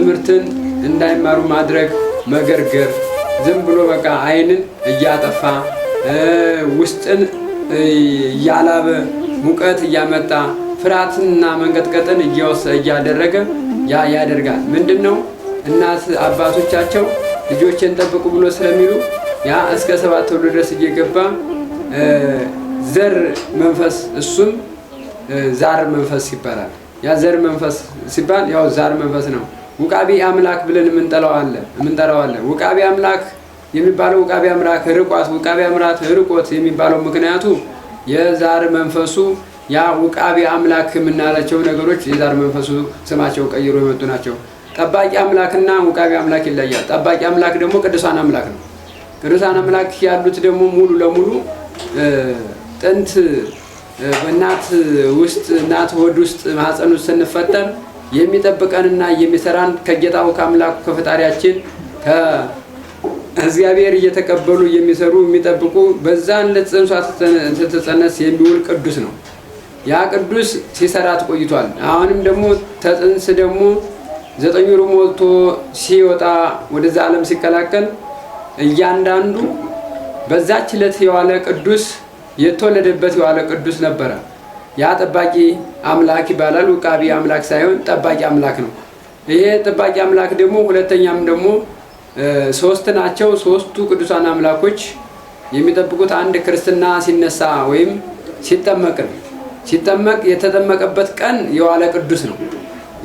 ትምህርትን እንዳይማሩ ማድረግ መገርገር፣ ዝም ብሎ በቃ አይንን እያጠፋ ውስጥን እያላበ ሙቀት እያመጣ ፍርሃትንና መንቀጥቀጥን እያወሰ እያደረገ ያደርጋል። ምንድን ነው እናት አባቶቻቸው ልጆችን ጠብቁ ብሎ ስለሚሉ ያ እስከ ሰባት ተውሎ ድረስ እየገባ ዘር መንፈስ እሱም ዛር መንፈስ ይባላል። ያ ዘር መንፈስ ሲባል ያው ዛር መንፈስ ነው። ውቃቢ አምላክ ብለን የምንጠራው አለ ውቃቢ አምላክ የሚባለው ውቃቢ አምላክ ርቋት ውቃቢ አምላክ ርቆት የሚባለው ምክንያቱ የዛር መንፈሱ ያ ውቃቢ አምላክ የምናላቸው ነገሮች የዛር መንፈሱ ስማቸው ቀይሮ የመጡ ናቸው። ጠባቂ አምላክና ውቃቢ አምላክ ይለያል። ጠባቂ አምላክ ደግሞ ቅዱሳን አምላክ ነው። ቅዱሳን አምላክ ያሉት ደግሞ ሙሉ ለሙሉ ጥንት በእናት ውስጥ እናት ሆድ ውስጥ ማህፀን ውስጥ ስንፈጠር የሚጠብቀንና የሚሰራን ከጌታው ከአምላኩ ከፈጣሪያችን ከእግዚአብሔር እየተቀበሉ የሚሰሩ የሚጠብቁ በዛን ለጽንሷ ስትጸነስ የሚውል ቅዱስ ነው። ያ ቅዱስ ሲሰራት ቆይቷል። አሁንም ደግሞ ተጽንስ ደግሞ ዘጠኝ ወር ሞልቶ ሲወጣ ወደዛ ዓለም ሲቀላቀል እያንዳንዱ በዛች ዕለት የዋለ ቅዱስ የተወለደበት የዋለ ቅዱስ ነበረ። ያ ጠባቂ አምላክ ይባላል። ውቃቢ አምላክ ሳይሆን ጠባቂ አምላክ ነው። ይሄ ጠባቂ አምላክ ደግሞ ሁለተኛም ደግሞ ሶስት ናቸው። ሶስቱ ቅዱሳን አምላኮች የሚጠብቁት አንድ ክርስትና ሲነሳ ወይም ሲጠመቅ ነው። ሲጠመቅ የተጠመቀበት ቀን የዋለ ቅዱስ ነው።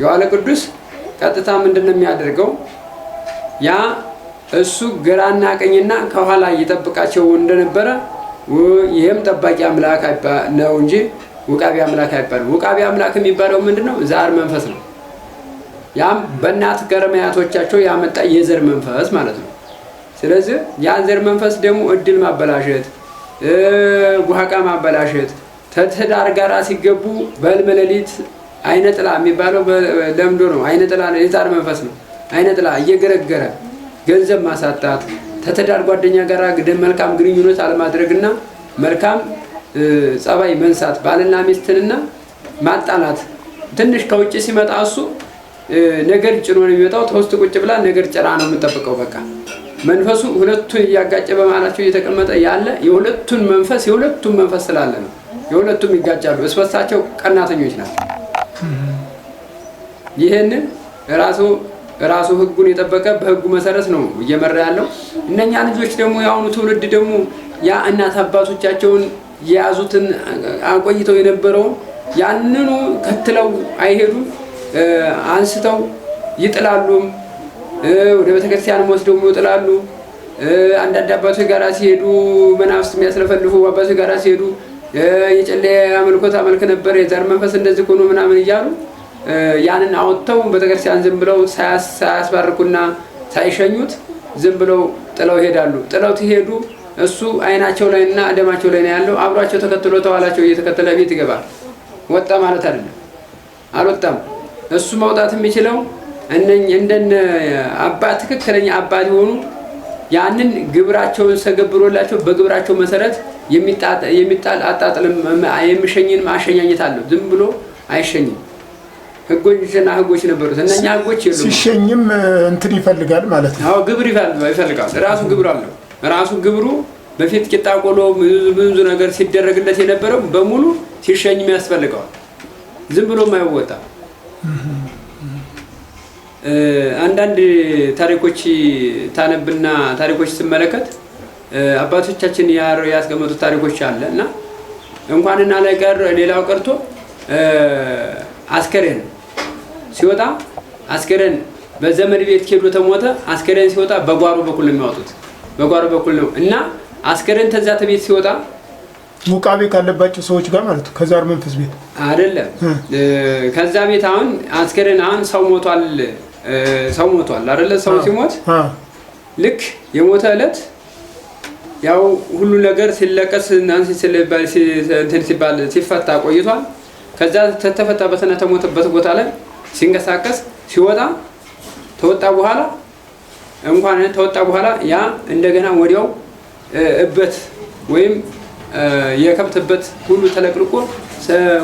የዋለ ቅዱስ ቀጥታ ምንድን ነው የሚያደርገው? ያ እሱ ግራና ቀኝና ከኋላ እየጠበቃቸው እንደነበረ ይህም ጠባቂ አምላክ ነው እንጂ ውቃቢ አምላክ አይባልም። ውቃቢ አምላክ የሚባለው ምንድን ነው? ዛር መንፈስ ነው። ያም በእናት ገረመያቶቻቸው ያመጣ የዘር መንፈስ ማለት ነው። ስለዚህ ያን ዘር መንፈስ ደግሞ እድል ማበላሸት፣ ጓቃ ማበላሸት ከትዳር ጋራ ሲገቡ በህልም ሌሊት አይነ ጥላ የሚባለው ለምዶ ነው። አይነ ጥላ የዛር መንፈስ ነው። አይነ ጥላ እየገረገረ ገንዘብ ማሳጣት፣ ተተዳር ጓደኛ ጋር መልካም ግንኙነት አለማድረግና መልካም ጸባይ መንሳት ባልና ሚስትንና ማጣላት ትንሽ ከውጭ ሲመጣ እሱ ነገር ጭኖ ነው የሚመጣው። ተውስጥ ቁጭ ብላ ነገር ጭራ ነው የምጠብቀው። በቃ መንፈሱ ሁለቱን እያጋጨ በማላቸው እየተቀመጠ ያለ የሁለቱን መንፈስ የሁለቱን መንፈስ ስላለ ነው። የሁለቱም ይጋጫሉ። እስበሳቸው ቀናተኞች ናቸው። ይህንን ራሱ ራሱ ህጉን የጠበቀ በህጉ መሰረት ነው እየመራ ያለው። እነኛ ልጆች ደግሞ የአሁኑ ትውልድ ደግሞ ያ እናት አባቶቻቸውን የያዙትን አቆይተው የነበረውን ያንኑ ከትለው አይሄዱም። አንስተው ይጥላሉም። ወደ ቤተክርስቲያን ወስደው ይጥላሉ። አንዳንድ አባቶች ጋራ ሲሄዱ መናፍስት የሚያስለፈልፉ አባቶች ጋራ ሲሄዱ የጨሌ አመልኮት አመልክ ነበር፣ የዘር መንፈስ እንደዚህ ሆኖ ምናምን እያሉ ያንን አወጥተው ቤተክርስቲያን ዝም ብለው ሳያስባርኩና ሳይሸኙት ዝም ብለው ጥለው ይሄዳሉ። ጥለው ትሄዱ እሱ አይናቸው ላይ እና ደማቸው ላይ ነው ያለው። አብሯቸው ተከትሎ ተዋላቸው እየተከተለ ቤት ይገባል። ወጣ ማለት አይደለም፣ አልወጣም። እሱ መውጣት የሚችለው እንደነ አባ ትክክለኛ አባት የሆኑ ያንን ግብራቸውን ሰገብሮላቸው በግብራቸው መሰረት የሚጣል አጣጥልም የሚሸኝንም ማሸኛኘት አለው። ዝም ብሎ አይሸኝም። ህጎችና ህጎች ነበሩት እነኛ ህጎች ሲሸኝም እንትን ይፈልጋል ማለት ነው። ግብር ይፈልጋል። ራሱ ግብር አለው ራሱ ግብሩ በፊት ቂጣ ቆሎ ብዙ ነገር ሲደረግለት የነበረው በሙሉ ሲሸኝም ያስፈልገዋል። ዝም ብሎ ማይወጣ አንዳንድ ታሪኮች ታነብና ታሪኮች ስመለከት አባቶቻችን ያስቀመጡት ታሪኮች አለ እና እንኳንና ላይ ቀር ሌላው ቀርቶ አስከሬን ሲወጣ አስከሬን በዘመድ ቤት ሄዶ ተሞተ። አስከሬን ሲወጣ በጓሮ በኩል ነው የሚያወጡት በጓሮ በኩል ነው እና አስከሬን ተዛ ተቤት ሲወጣ ሙቃቤ ካለባቸው ሰዎች ጋር ማለት ነው። ከዛር መንፈስ ቤት አይደለም። ከዛ ቤት አሁን አስከሬን አሁን ሰው ሞቷል፣ ሰው ሞቷል አይደለ? ሰው ሲሞት ልክ የሞተ እለት ያው ሁሉ ነገር ሲለቀስ እንትን ሲባል ሲፈታ ቆይቷል። ከዛ ተተፈታበትና ተሞተበት ቦታ ላይ ሲንቀሳቀስ ሲወጣ ተወጣ በኋላ እንኳን ተወጣ በኋላ ያ እንደገና ወዲያው እበት ወይም የከብት እበት ሁሉ ተለቅልቆ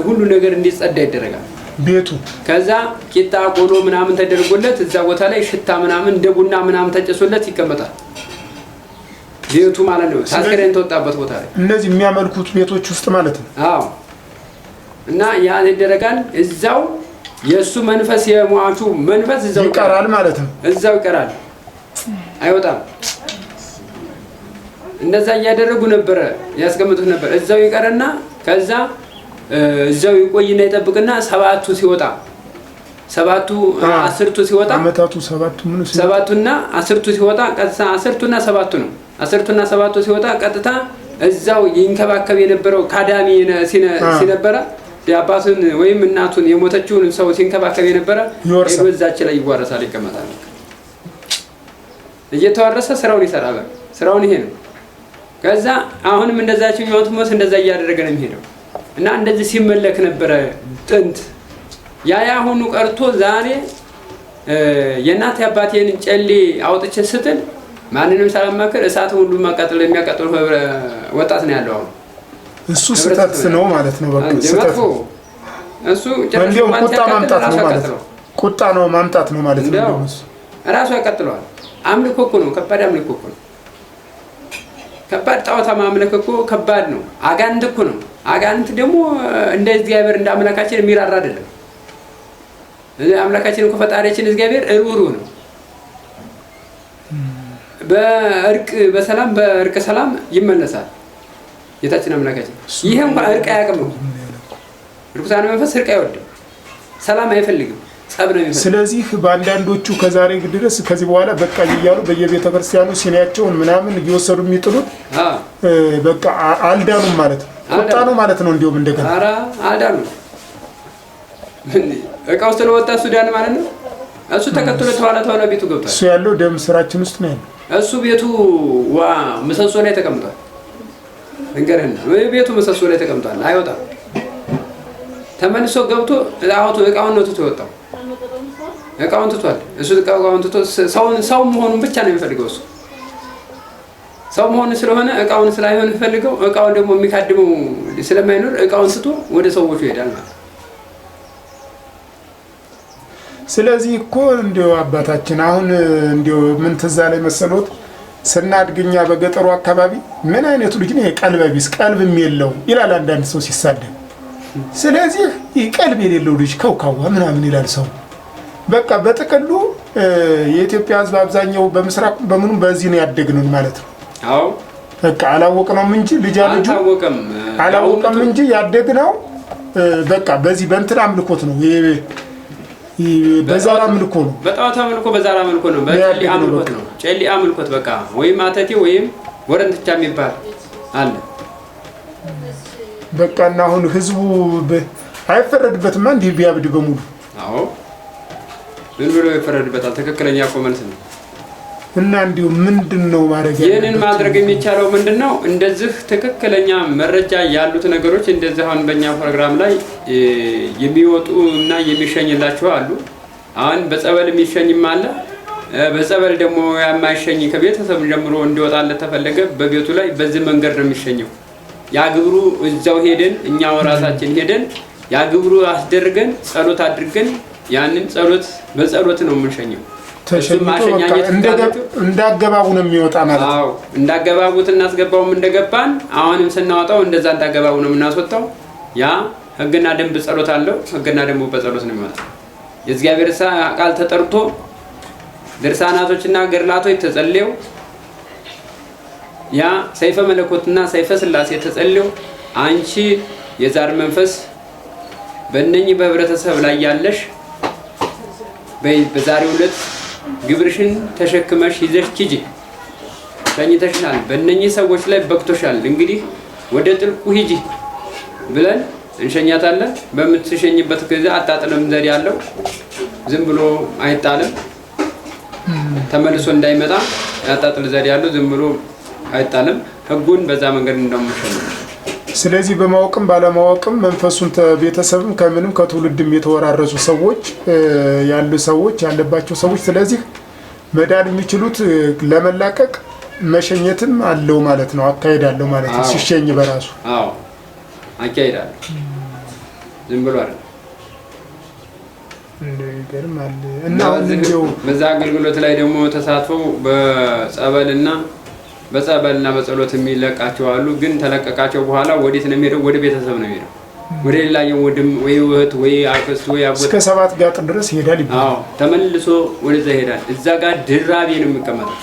ሁሉ ነገር እንዲጸዳ ይደረጋል። ቤቱ ከዛ ቂጣ ቆሎ ምናምን ተደርጎለት እዛ ቦታ ላይ ሽታ ምናምን እንደ ቡና ምናምን ተጨሶለት ይቀመጣል። ቤቱ ማለት ነው። ታስከሬን ተወጣበት ቦታ ላይ እነዚህ የሚያመልኩት ቤቶች ውስጥ ማለት ነው። አዎ። እና ያ ይደረጋል። እዛው የእሱ መንፈስ የሟቹ መንፈስ እዛው ይቀራል ማለት ነው። እዛው ይቀራል። አይወጣም። እንደዛ እያደረጉ ነበረ ያስቀምጡት ነበር። እዛው ይቀርና ከዛ እዛው ይቆይና ይጠብቅና ሰባቱ ሲወጣ ሰባቱ አስርቱ ሲወጣ ሰባቱና አስርቱ ሲወጣ ቀጥታ አስርቱና ሰባቱ ነው። አስርቱና ሰባቱ ሲወጣ ቀጥታ እዛው ይንከባከብ የነበረው ካዳሚ ሲነበረ አባቱን ወይም እናቱን የሞተችውን ሰው ሲንከባከብ የነበረ ዛች ላይ ይዋረሳል፣ ይቀመጣል። እየተወረሰ ስራውን ይሰራል። ስራውን ይሄ ነው። ከዛ አሁንም እንደዛቸው ሞት እንደዛ እያደረገ ነው የሚሄደው እና እንደዚህ ሲመለክ ነበረ ጥንት። ያ ያሁኑ ቀርቶ ዛሬ የእናት አባቴን ጨሌ አውጥቼ ስትል ማንንም ሳላማክር እሳት ሁሉ ማቃጠል የሚያቃጥል ወጣት ነው ያለው። አሁን እሱ ስህተት ነው ማለት ነው። በቃ እሱ ቁጣ ማምጣት ነው ማለት ነው። ቁጣ ነው ማምጣት ነው ማለት ነው። ራሱ ያቀጥለዋል። አምልኮ እኮ ነው። ከባድ አምልኮ እኮ ነው። ከባድ ጣዖታ ማምለክ እኮ ከባድ ነው። አጋንንት እኮ ነው። አጋንንት ደግሞ እንደ እግዚአብሔር እንደ አምላካችን የሚራራ አይደለም። አምላካችን እኮ ፈጣሪያችን እግዚአብሔር እሩሩ ነው። በእርቅ በሰላም በእርቅ ሰላም ይመለሳል ጌታችን አምላካችን። ይሄ እንኳን እርቅ አያውቅም ርኩሳን መንፈስ እርቅ አይወድም፣ ሰላም አይፈልግም። ስለዚህ በአንዳንዶቹ ከዛሬ ድረስ ከዚህ በኋላ በቃ እያሉ በየቤተ ክርስቲያኑ ሲኒያቸውን ምናምን እየወሰዱ የሚጥሉት በቃ አልዳኑም ማለት ነው። ወጣ ነው ማለት ነው። እንዲሁም እንደገና አልዳኑ እቃው ስለወጣ ሱዳን ማለት ነው። እሱ ተከትሎ ተኋላ ተኋላ ቤቱ ገብቷል። እሱ ያለው ደም ስራችን ውስጥ ነው ያለው። እሱ ቤቱ ዋ ምሰሶ ላይ ተቀምጧል። እንገረና ቤቱ ምሰሶ ላይ ተቀምጧል። አይወጣም። ተመልሶ ገብቶ አሁን እቃውን ነው ትቶ የወጣው እቃውን ትቷል። እሱ እቃውን ትቶ ሰው መሆኑን ብቻ ነው የሚፈልገው። እሱ ሰው መሆኑ ስለሆነ እቃውን ስላይሆን ፈልገው እቃውን ደግሞ የሚካድመው ስለማይኖር እቃውን ትቶ ወደ ሰዎቹ ይሄዳል ማለት። ስለዚህ እኮ እንዲሁ አባታችን አሁን እንዲሁ ምን ትዝ ላይ መሰሎት ስናድግኛ በገጠሩ አካባቢ ምን አይነቱ ልጅ ነው ቢስ ቀልብም የለውም ይላል አንዳንድ ሰው ሲሳደብ። ስለዚህ ይህ ቀልብ የሌለው ልጅ ከውካዋ ምናምን ይላል ሰው በቃ በጥቅሉ የኢትዮጵያ ህዝብ አብዛኛው በምስራቅ በምኑ በዚህ ነው ያደግነው ማለት ነው። አዎ በቃ አላወቅነውም እንጂ ልጅ ልጁ አላወቀም እንጂ ያደግነው በቃ በዚህ በእንትን አምልኮት ነው ይሄ በዛራ አምልኮ ነው። በጣዖት አምልኮ በዛራ አምልኮ ነው። በጨሊ አምልኮት ነው። ጨሊ አምልኮት በቃ ወይም አተቴ ወይም ወረንትቻ የሚባል አለ። በቃ እና አሁን ህዝቡ አይፈረድበትማ እንዲህ ቢያብድ በሙሉ። አዎ ምን ብሎ ይፈረድበታል? ትክክለኛ እኮ መልስ ነው። እና እንዲሁ ምንድን ነው ማድረግ ይህንን ማድረግ የሚቻለው ምንድን ነው? እንደዚህ ትክክለኛ መረጃ ያሉት ነገሮች እንደዚህ አሁን በእኛ ፕሮግራም ላይ የሚወጡ እና የሚሸኝላቸው አሉ። አሁን በጸበል የሚሸኝም አለ። በጸበል ደግሞ የማይሸኝ ከቤተሰብ ጀምሮ እንዲወጣለት ተፈለገ በቤቱ ላይ በዚህ መንገድ ነው የሚሸኘው። ያግብሩ እዛው ሄደን እኛው ራሳችን ሄደን ያግብሩ አስደርገን ጸሎት አድርገን ያንን ጸሎት በጸሎት ነው የምንሸኘው። እንዳገባቡ ነው የሚወጣ ማለት ነው። እንዳገባቡት እናስገባውም እንደገባን አሁንም ስናወጣው እንደዛ እንዳገባቡ ነው የምናስወጣው። ያ ህግና ደንብ ጸሎት አለው። ህግና ደንቡ በጸሎት ነው የሚወጣው። የእግዚአብሔር ቃል ተጠርቶ ድርሳናቶችና ገድላቶች ተጸልየው ያ ሰይፈ መለኮትና ሰይፈ ስላሴ ተጸልየው አንቺ የዛር መንፈስ በእነኚህ በህብረተሰብ ላይ ያለሽ በዛሬው ዕለት ግብርሽን ተሸክመሽ ይዘሽ ሂጂ። ተኝተሽናል፣ በእነኚህ ሰዎች ላይ በቅቶሻል፣ እንግዲህ ወደ ጥልቁ ሂጂ ብለን እንሸኛታለን። በምትሸኝበት ጊዜ አጣጥለም ዘዴ አለው። ዝም ብሎ አይጣልም፣ ተመልሶ እንዳይመጣ ያጣጥል ዘዴ አለው። ዝም ብሎ አይጣልም። ህጉን በዛ መንገድ እንደምሸኝ ስለዚህ በማወቅም ባለማወቅም መንፈሱን ቤተሰብም ከምንም ከትውልድም የተወራረሱ ሰዎች ያሉ ሰዎች ያለባቸው ሰዎች ስለዚህ መዳን የሚችሉት ለመላቀቅ መሸኘትም አለው ማለት ነው። አካሄድ አለው ማለት ነው። ሲሸኝ በራሱ አካሄድ አለው። ዝም ብሎ እና በዛ አገልግሎት ላይ ደግሞ ተሳትፎ በጸበልና በጸበልና በጸሎት የሚለቃቸው አሉ። ግን ተለቀቃቸው በኋላ ወዴት ነው የሚሄደው? ወደ ቤተሰብ ነው የሚሄደው። ወደ ሌላ የወድም ወይ እህት ወይ አክስት ወይ አጎት እስከ ሰባት ጋጥ ድረስ ይሄዳል ይባላል። አዎ ተመልሶ ወደዛ ይሄዳል። እዛ ጋር ድራቤ ነው የሚቀመጠው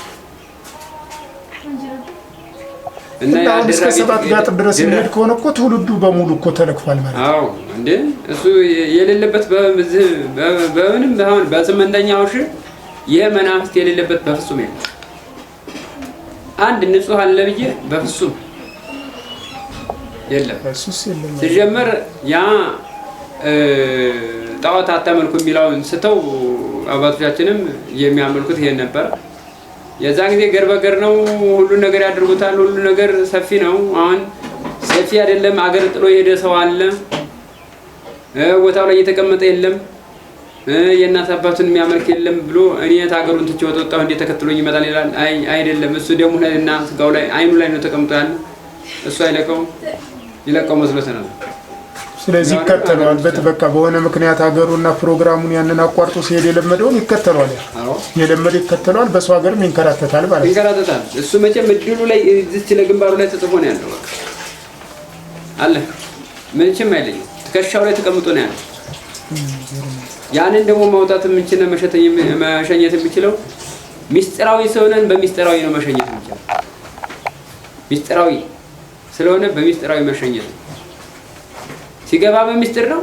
እና ያ እስከ ሰባት ጋጥ ድረስ የሚሄድ ከሆነ እኮ ትውልዱ በሙሉ እኮ ተለክፏል ማለት ነው። አዎ እንዴ እሱ የሌለበት በምንም አሁን በስምንተኛው ሺህ ይሄ መናፍስት የሌለበት በፍጹም የለም። አንድ ንጹህ አለ ብዬ በፍጹም የለም። ሲጀመር ያ ጣዖት አታመልኩ የሚለውን ስተው አባቶቻችንም የሚያመልኩት ይሄን ነበር። የዛ ጊዜ ገር በገር ነው፣ ሁሉን ነገር ያደርጉታል። ሁሉ ነገር ሰፊ ነው። አሁን ሰፊ አይደለም አገር ጥሎ የሄደ ሰው አለ፣ ቦታው ላይ እየተቀመጠ የለም። የእናት አባቱን የሚያመልክ የለም ብሎ እኔ ሀገሩን ትቼ ወጣሁ እንዴ ተከትሎ ይመጣል ይላል። አይ አይደለም፣ እሱ ደግሞ እና ስጋው ላይ አይኑ ላይ ነው ተቀምጦ ያለ። እሱ አይለቀው ይለቀው መስሎት ነው። ስለዚህ ይከተለዋል። በቃ በሆነ ምክንያት ሀገሩና ፕሮግራሙን ያንን አቋርጦ ሲሄድ የለመደውን ይከተለዋል። የለመደ ይከተለዋል። በሱ ሀገርም ይንከራተታል ማለት ይንከራተታል። እሱ መቼም እድሉ ላይ እዚች ለግንባሩ ላይ ተጽፎ ነው ያለው። አለ ምንችም አይለኝ ትከሻው ላይ ተቀምጦ ነው ያለው። ያንን ደግሞ ማውጣት የምንችል መሸኘት የምችለው ሚስጥራዊ ስለሆነን በሚስጥራዊ ነው መሸኘት የምችለው። ሚስጥራዊ ስለሆነ በሚስጥራዊ መሸኘት ሲገባ በሚስጥር ነው፣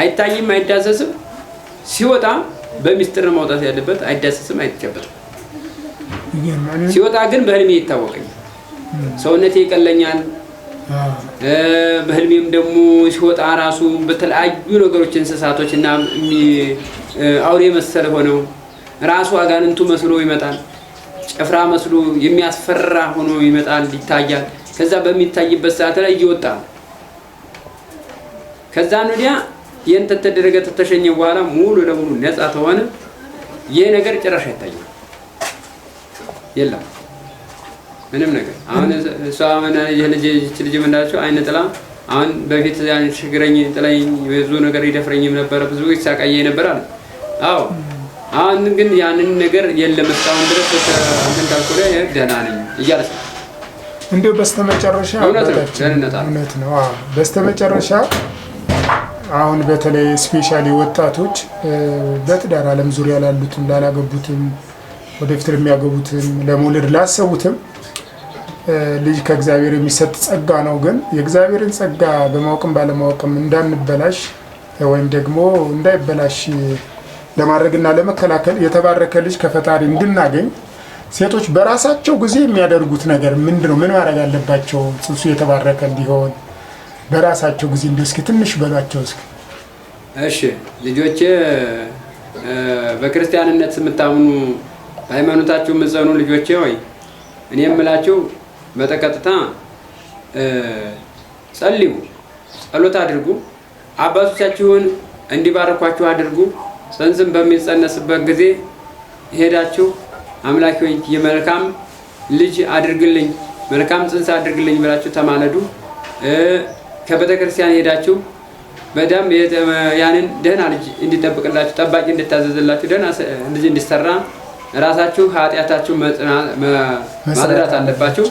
አይታይም፣ አይዳሰስም። ሲወጣ በሚስጥር ነው ማውጣት ያለበት፣ አይዳሰስም፣ አይጨበጥም። ሲወጣ ግን በህልሜ ይታወቀኛል። ሰውነቴ ይቀለኛል በህልሜም ደግሞ ሲወጣ ራሱ በተለያዩ ነገሮች እንስሳቶች እና አውሬ መሰል ሆነው ራሱ አጋንንቱ መስሎ ይመጣል። ጭፍራ መስሎ የሚያስፈራ ሆኖ ይመጣል፣ ይታያል። ከዛ በሚታይበት ሰዓት ላይ እየወጣ ከዛን ወዲያ ይህን ተተደረገ ተተሸኘ በኋላ ሙሉ ለሙሉ ነፃ ተሆነ። ይህ ነገር ጭራሽ አይታየም የለም። ምንም ነገር አሁን እሷ አሁን ይህ ልጅ ይች ልጅ የምንላቸው አይነ ጥላ አሁን በፊት ችግረኝ ጥላኝ ብዙ ነገር ይደፍረኝም ነበረ፣ ብዙ ይሳቃየ ነበር አለ። አዎ አሁን ግን ያንን ነገር የለም እስካሁን ድረስ እንትን ካልኩ ደህና ነኝ እያለች ነው። እንዲሁ በስተመጨረሻ እውነት ነው። በስተመጨረሻ አሁን በተለይ ስፔሻሊ ወጣቶች በትዳር ዓለም ዙሪያ ላሉትም ላላገቡትም ወደፊት ለሚያገቡትም ለመውለድ ላሰቡትም ልጅ ከእግዚአብሔር የሚሰጥ ጸጋ ነው። ግን የእግዚአብሔርን ጸጋ በማወቅም ባለማወቅም እንዳንበላሽ ወይም ደግሞ እንዳይበላሽ ለማድረግና ለመከላከል የተባረከ ልጅ ከፈጣሪ እንድናገኝ ሴቶች በራሳቸው ጊዜ የሚያደርጉት ነገር ምንድን ነው? ምን ማድረግ አለባቸው? ጽንሱ የተባረከ እንዲሆን በራሳቸው ጊዜ እንዲ እስኪ ትንሽ በሏቸው እስኪ። እሺ ልጆቼ፣ በክርስቲያንነት የምታምኑ በሃይማኖታችሁ የምጸኑ ልጆቼ ወይ እኔ የምላችሁ በተቀጥታ ጸልዩ፣ ጸሎት አድርጉ፣ አባቶቻችሁን እንዲባረኳችሁ አድርጉ። ጽንስም በሚጸነስበት ጊዜ ሄዳችሁ አምላኪ ሆይ የመልካም ልጅ አድርግልኝ፣ መልካም ጽንስ አድርግልኝ ብላችሁ ተማለዱ። ከቤተ ክርስቲያን ሄዳችሁ በደም ያንን ደህና ልጅ እንዲጠብቅላችሁ ጠባቂ እንድታዘዝላችሁ ደህና ልጅ እንዲሰራ ራሳችሁ ኃጢአታችሁ ማጽዳት አለባችሁ።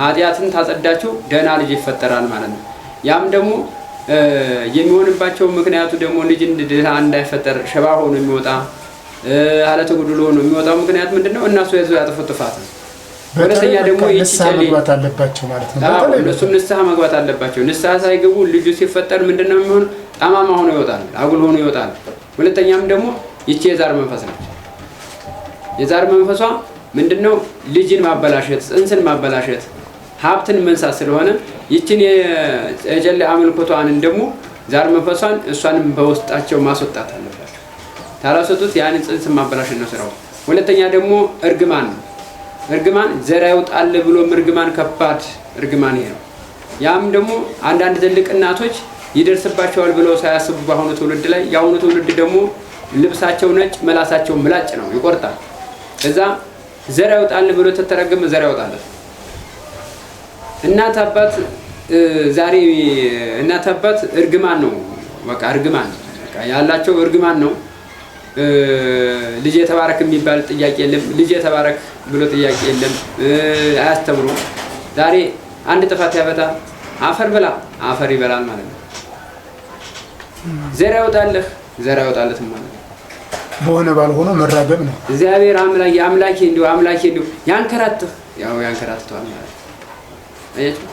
ኃጢአትን ታጸዳችሁ ደህና ልጅ ይፈጠራል ማለት ነው። ያም ደግሞ የሚሆንባቸው ምክንያቱ ደግሞ ልጅ ድሃ እንዳይፈጠር ሸባ ሆኖ የሚወጣ አለተ ጉድሎ ሆኖ የሚወጣው ምክንያት ምንድን ነው? እነሱ የዙ ያጠፉት ጥፋት ነው። ሁለተኛ ደግሞ መግባት አለባቸው ማለት ነው። እነሱም ንስሐ መግባት አለባቸው። ንስሐ ሳይገቡ ልጁ ሲፈጠር ምንድነው የሚሆን? ጠማማ ሆኖ ይወጣል፣ አጉል ሆኖ ይወጣል። ሁለተኛም ደግሞ ይቺ የዛር መንፈስ ናቸው። የዛር መንፈሷ ምንድን ነው? ልጅን ማበላሸት፣ ጽንስን ማበላሸት፣ ሀብትን መንሳት ስለሆነ ይችን የጨለ አመልኮቷንን ደግሞ ዛር መንፈሷን እሷንም በውስጣቸው ማስወጣት አለባቸው። ታላሰቱት ያን ጽንስን ማበላሸት ነው ስራው። ሁለተኛ ደግሞ እርግማን ነው። እርግማን ዘር ያውጣል ብሎም እርግማን ከባድ እርግማን ይሄ ነው። ያም ደግሞ አንዳንድ ትልቅ እናቶች ይደርስባቸዋል ብለው ሳያስቡ በአሁኑ ትውልድ ላይ የአሁኑ ትውልድ ደግሞ ልብሳቸው ነጭ መላሳቸው ምላጭ ነው፣ ይቆርጣል እዛ ዘር ያውጣል ብሎ ተተረገመ፣ ዘር ያውጣል። እናት አባት ዛሬ እናት አባት እርግማን ነው፣ በቃ እርግማን ያላቸው እርግማን ነው። ልጅ የተባረክ የሚባል ጥያቄ የለም። ልጅ የተባረክ ብሎ ጥያቄ የለም። አያስተምሩ። ዛሬ አንድ ጥፋት ያበጣ አፈር ብላ አፈር ይበላል ማለት ነው። ዘር ያወጣለህ ዘር ያወጣለትም ማለት ነው። በሆነ ባልሆነ መራገም ነው። እግዚአብሔር አምላ አምላኬ እንዲሁ አምላኬ እንዲሁ ያንከራትህ ያው ያንከራትቷል ማለት ነው።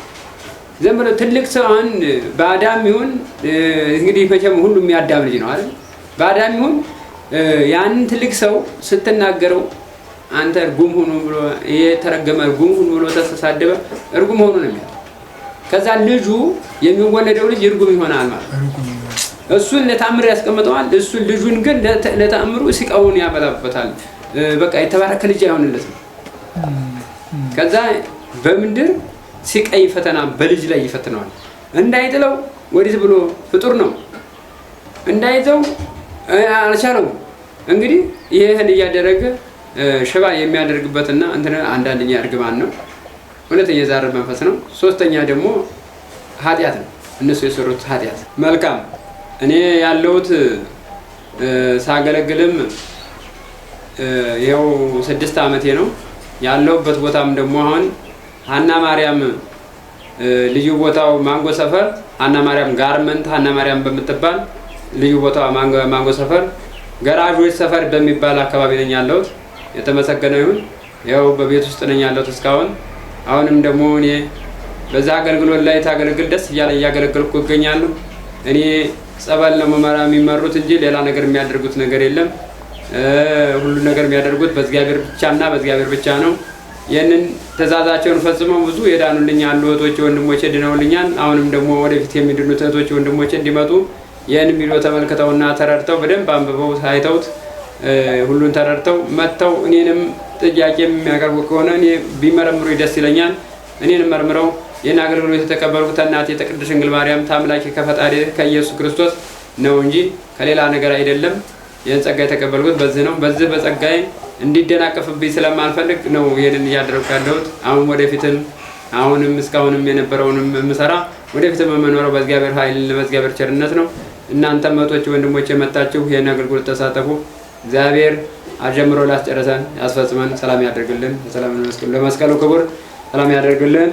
ዝም ብሎ ትልቅ ሰው አሁን በአዳም ይሁን እንግዲህ መቼም ሁሉም የሚያዳም ልጅ ነው አይደል? በአዳም ይሁን ያንን ትልቅ ሰው ስትናገረው አንተ እርጉም ሁኑ ብሎ የተረገመ እርጉም ሁኑ ብሎ ተስተሳደበ እርጉም ሆኑ ነው የሚያ ከዛ ልጁ የሚወለደው ልጅ እርጉም ይሆናል ማለት ነው። እሱን ለተአምር ያስቀምጠዋል። እሱን ልጁን ግን ለተአምሩ ሲቃውን ያበላበታል። በቃ የተባረከ ልጅ አይሆንለትም። ከዛ በምንድር ሲቀይ ፈተና በልጅ ላይ ይፈትነዋል። እንዳይጥለው ወዲት ብሎ ፍጡር ነው እንዳይዘው አልቻለው። እንግዲህ ይህን እያደረገ ሽባ የሚያደርግበትና እንትን አንዳንደኛ እርግማን ነው፣ ሁለተኛ የዛር መንፈስ ነው፣ ሶስተኛ ደግሞ ኃጢአት ነው። እነሱ የሰሩት ኃጢአት መልካም እኔ ያለሁት ሳገለግልም ይኸው ስድስት ዓመቴ ነው። ያለሁበት ቦታም ደግሞ አሁን ሀና ማርያም ልዩ ቦታው ማንጎ ሰፈር ሀና ማርያም ጋርመንት ሀና ማርያም በምትባል ልዩ ቦታ ማንጎ ሰፈር ገራዦች ሰፈር በሚባል አካባቢ ነኝ ያለሁት። የተመሰገነ ይሁን። ይኸው በቤት ውስጥ ነኝ ያለሁት እስካሁን። አሁንም ደግሞ እኔ በዛ አገልግሎት ላይ ታገለግል ደስ እያለ እያገለገልኩ እገኛለሁ። እኔ ጸበል ለመመራ የሚመሩት እንጂ ሌላ ነገር የሚያደርጉት ነገር የለም። ሁሉ ነገር የሚያደርጉት በእግዚአብሔር ብቻና በእግዚአብሔር ብቻ ነው። ይህንን ትእዛዛቸውን ፈጽመው ብዙ የዳኑልኛ አሉ እህቶች ወንድሞቼ ድነውልኛል። አሁንም ደግሞ ወደፊት የሚድኑት እህቶች ወንድሞቼ እንዲመጡ ይህን ቪዲዮ ተመልክተውና ተረድተው በደንብ አንብበው ሳይተውት ሁሉን ተረድተው መጥተው እኔንም ጥያቄ የሚያቀርቡ ከሆነ እኔ ቢመረምሩ ደስ ይለኛል። እኔንም መርምረው ይህን አገልግሎት የተቀበልኩት እናቴ ከቅድስት ድንግል ማርያም ታምላኪ ከፈጣሪ ከኢየሱስ ክርስቶስ ነው እንጂ ከሌላ ነገር አይደለም። ይህን ጸጋ የተቀበልኩት በዚህ ነው። በዚህ በጸጋይ እንዲደናቀፍብኝ ስለማልፈልግ ነው ይህንን እያደረግኩ ያለሁት። አሁን ወደፊትን አሁንም እስካሁንም የነበረውንም የምሰራ ወደፊትም የምኖረው በእግዚአብሔር ኃይል በእግዚአብሔር ቸርነት ነው። እናንተ መቶች ወንድሞች የመጣችሁ ይህን አገልግሎት ተሳተፉ። እግዚአብሔር አጀምሮ ላስጨረሰን ያስፈጽመን፣ ሰላም ያደርግልን። ለመስቀሉ ክቡር ሰላም ያደርግልን።